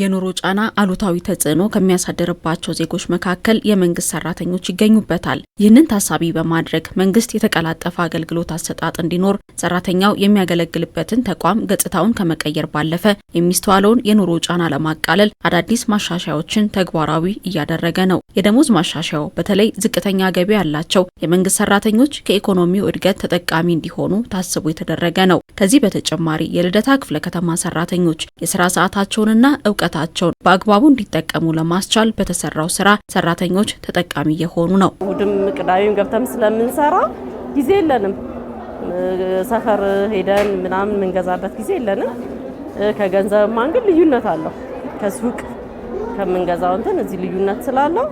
የኑሮ ጫና አሉታዊ ተጽዕኖ ከሚያሳደርባቸው ዜጎች መካከል የመንግስት ሰራተኞች ይገኙበታል። ይህንን ታሳቢ በማድረግ መንግስት የተቀላጠፈ አገልግሎት አሰጣጥ እንዲኖር ሰራተኛው የሚያገለግልበትን ተቋም ገጽታውን ከመቀየር ባለፈ የሚስተዋለውን የኑሮ ጫና ለማቃለል አዳዲስ ማሻሻያዎችን ተግባራዊ እያደረገ ነው። የደሞዝ ማሻሻያው በተለይ ዝቅተኛ ገቢ ያላቸው የመንግስት ሰራተኞች ከኢኮኖሚው እድገት ተጠቃሚ እንዲሆኑ ታስቦ የተደረገ ነው። ከዚህ በተጨማሪ የልደታ ክፍለ ከተማ ሰራተኞች የስራ ሰዓታቸውንና እውቀት እውቀታቸውን በአግባቡ እንዲጠቀሙ ለማስቻል በተሰራው ስራ ሰራተኞች ተጠቃሚ እየሆኑ ነው። እሑድም ቅዳሜም ገብተም ስለምንሰራ ጊዜ የለንም። ሰፈር ሄደን ምናምን የምንገዛበት ጊዜ የለንም። ከገንዘብ ማንግን ልዩነት አለው። ከሱቅ ከምንገዛው እንትን እዚህ ልዩነት ስላለው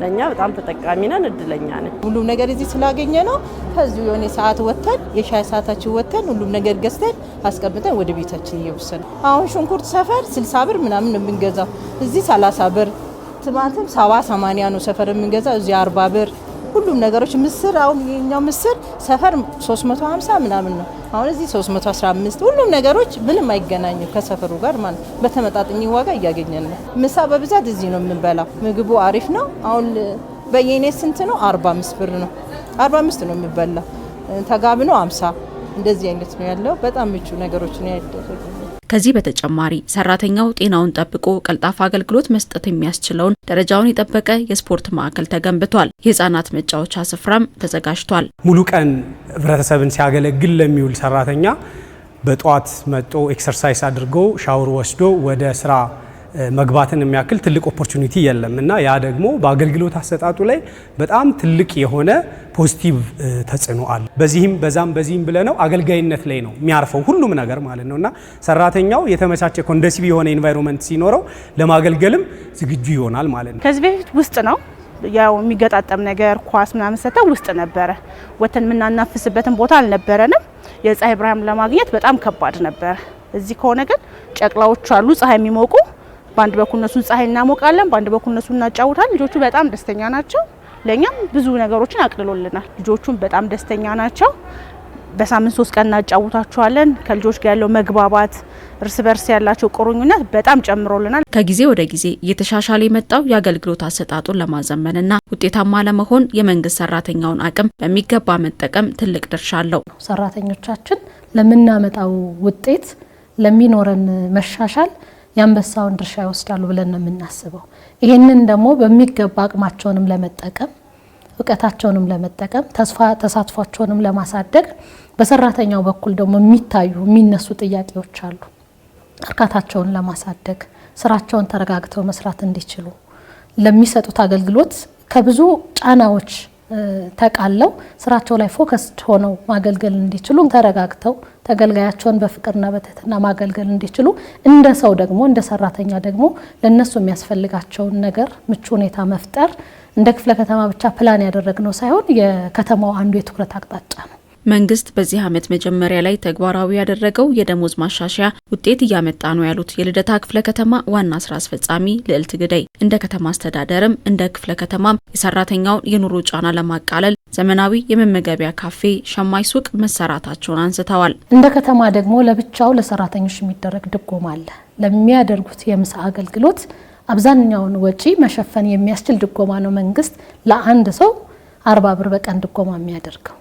ለእኛ በጣም ተጠቃሚ ነን፣ እድለኛ ነን። ሁሉም ነገር እዚህ ስላገኘ ነው። ከዚሁ የሆነ ሰዓት ወተን የሻይ ሰዓታችን ወተን ሁሉም ነገር ገዝተን አስቀምጠን ወደ ቤታችን እየወሰን አሁን ሽንኩርት ሰፈር 60 ብር ምናምን ነው የምንገዛው፣ እዚህ ሰላሳ ብር። ትማትም ሰባ ሰማንያ ነው ሰፈር የምንገዛው፣ እዚህ አርባ ብር ሁሉም ነገሮች ምስር አሁን የኛው ምስር ሰፈር 350 ምናምን ነው። አሁን እዚህ 315 ሁሉም ነገሮች ምንም አይገናኙ ከሰፈሩ ጋር ማለት በተመጣጣኝ ዋጋ እያገኘን ነው። ምሳ በብዛት እዚህ ነው የምንበላው። ምግቡ አሪፍ ነው። አሁን በየኔ ስንት ነው? 45 ብር ነው። 45 ነው የሚበላው። ተጋብ ነው 50 እንደዚህ አይነት ነው ያለው። በጣም ምቹ ነገሮች ነው ያደረገው። ከዚህ በተጨማሪ ሰራተኛው ጤናውን ጠብቆ ቀልጣፋ አገልግሎት መስጠት የሚያስችለውን ደረጃውን የጠበቀ የስፖርት ማዕከል ተገንብቷል። የህፃናት መጫወቻ ስፍራም ተዘጋጅቷል። ሙሉ ቀን ህብረተሰብን ሲያገለግል ለሚውል ሰራተኛ በጠዋት መጦ ኤክሰርሳይዝ አድርጎ ሻውር ወስዶ ወደ ስራ መግባትን የሚያክል ትልቅ ኦፖርቹኒቲ የለም እና ያ ደግሞ በአገልግሎት አሰጣጡ ላይ በጣም ትልቅ የሆነ ፖዚቲቭ ተጽዕኖ አለ። በዚህም በዛም በዚህም ብለ ነው አገልጋይነት ላይ ነው የሚያርፈው ሁሉም ነገር ማለት ነው እና ሰራተኛው የተመቻቸ ኮንደሲቭ የሆነ ኤንቫይሮንመንት ሲኖረው ለማገልገልም ዝግጁ ይሆናል ማለት ነው። ከዚህ በፊት ውስጥ ነው ያው የሚገጣጠም ነገር ኳስ ምናምን ውስጥ ነበረ ወተን የምናናፍስበትን ቦታ አልነበረንም። የፀሐይ ብርሃን ለማግኘት በጣም ከባድ ነበረ። እዚህ ከሆነ ግን ጨቅላዎቹ አሉ ፀሐይ የሚሞቁ በአንድ በኩል እነሱን ፀሐይ እናሞቃለን፣ በአንድ በኩል እነሱን እናጫውታለን። ልጆቹ በጣም ደስተኛ ናቸው። ለእኛም ብዙ ነገሮችን አቅልሎልናል። ልጆቹም በጣም ደስተኛ ናቸው። በሳምንት ሶስት ቀን እናጫውታቸዋለን። ከልጆች ጋር ያለው መግባባት፣ እርስ በርስ ያላቸው ቁርኝነት በጣም ጨምሮልናል። ከጊዜ ወደ ጊዜ እየተሻሻለ የመጣው የአገልግሎት አሰጣጡን ለማዘመንና ውጤታማ ለመሆን የመንግስት ሰራተኛውን አቅም በሚገባ መጠቀም ትልቅ ድርሻ አለው። ሰራተኞቻችን ለምናመጣው ውጤት ለሚኖረን መሻሻል የአንበሳውን ድርሻ ይወስዳሉ ብለን ነው የምናስበው። ይህንን ደግሞ በሚገባ አቅማቸውንም ለመጠቀም እውቀታቸውንም ለመጠቀም ተስፋ ተሳትፏቸውንም ለማሳደግ በሰራተኛው በኩል ደግሞ የሚታዩ የሚነሱ ጥያቄዎች አሉ። እርካታቸውን ለማሳደግ ስራቸውን ተረጋግተው መስራት እንዲችሉ ለሚሰጡት አገልግሎት ከብዙ ጫናዎች ተቃለው ስራቸው ላይ ፎከስድ ሆነው ማገልገል እንዲችሉ ተረጋግተው ተገልጋያቸውን በፍቅርና በትህትና ማገልገል እንዲችሉ እንደ ሰው ደግሞ እንደ ሰራተኛ ደግሞ ለእነሱ የሚያስፈልጋቸውን ነገር ምቹ ሁኔታ መፍጠር እንደ ክፍለ ከተማ ብቻ ፕላን ያደረግነው ሳይሆን የከተማው አንዱ የትኩረት አቅጣጫ ነው። መንግስት በዚህ ዓመት መጀመሪያ ላይ ተግባራዊ ያደረገው የደሞዝ ማሻሻያ ውጤት እያመጣ ነው ያሉት የልደታ ክፍለ ከተማ ዋና ስራ አስፈጻሚ ልዕልት ግዳይ እንደ ከተማ አስተዳደርም እንደ ክፍለ ከተማም የሰራተኛውን የኑሮ ጫና ለማቃለል ዘመናዊ የመመገቢያ ካፌ፣ ሸማይ ሱቅ መሰራታቸውን አንስተዋል። እንደ ከተማ ደግሞ ለብቻው ለሰራተኞች የሚደረግ ድጎማ አለ። ለሚያደርጉት የምሳ አገልግሎት አብዛኛውን ወጪ መሸፈን የሚያስችል ድጎማ ነው መንግስት ለአንድ ሰው አርባ ብር በቀን ድጎማ የሚያደርገው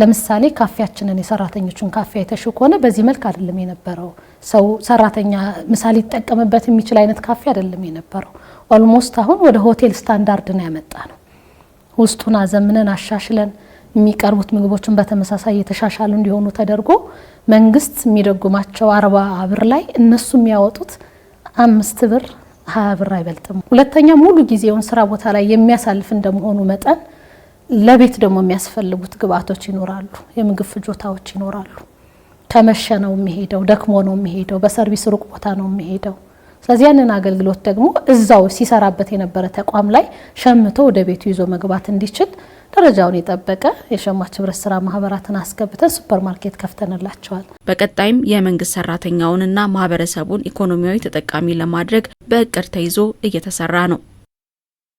ለምሳሌ ካፌያችንን የሰራተኞቹን ካፌ አይተሹ ከሆነ በዚህ መልክ አይደለም የነበረው። ሰው ሰራተኛ ምሳሌ ሊጠቀምበት የሚችል አይነት ካፌ አይደለም የነበረው። ኦልሞስት አሁን ወደ ሆቴል ስታንዳርድ ነው ያመጣ ነው። ውስጡን አዘምነን አሻሽለን የሚቀርቡት ምግቦችን በተመሳሳይ የተሻሻሉ እንዲሆኑ ተደርጎ መንግስት የሚደጉማቸው አርባ ብር ላይ እነሱ የሚያወጡት አምስት ብር ሀያ ብር አይበልጥም። ሁለተኛ ሙሉ ጊዜውን ስራ ቦታ ላይ የሚያሳልፍ እንደመሆኑ መጠን ለቤት ደግሞ የሚያስፈልጉት ግብአቶች ይኖራሉ፣ የምግብ ፍጆታዎች ይኖራሉ። ከመሸ ነው የሚሄደው፣ ደክሞ ነው የሚሄደው፣ በሰርቪስ ሩቅ ቦታ ነው የሚሄደው። ስለዚህ ያንን አገልግሎት ደግሞ እዛው ሲሰራበት የነበረ ተቋም ላይ ሸምቶ ወደ ቤቱ ይዞ መግባት እንዲችል ደረጃውን የጠበቀ የሸማች ህብረት ስራ ማህበራትን አስገብተን ሱፐር ማርኬት ከፍተንላቸዋል። በቀጣይም የመንግስት ሰራተኛውንና ማህበረሰቡን ኢኮኖሚያዊ ተጠቃሚ ለማድረግ በእቅድ ተይዞ እየተሰራ ነው።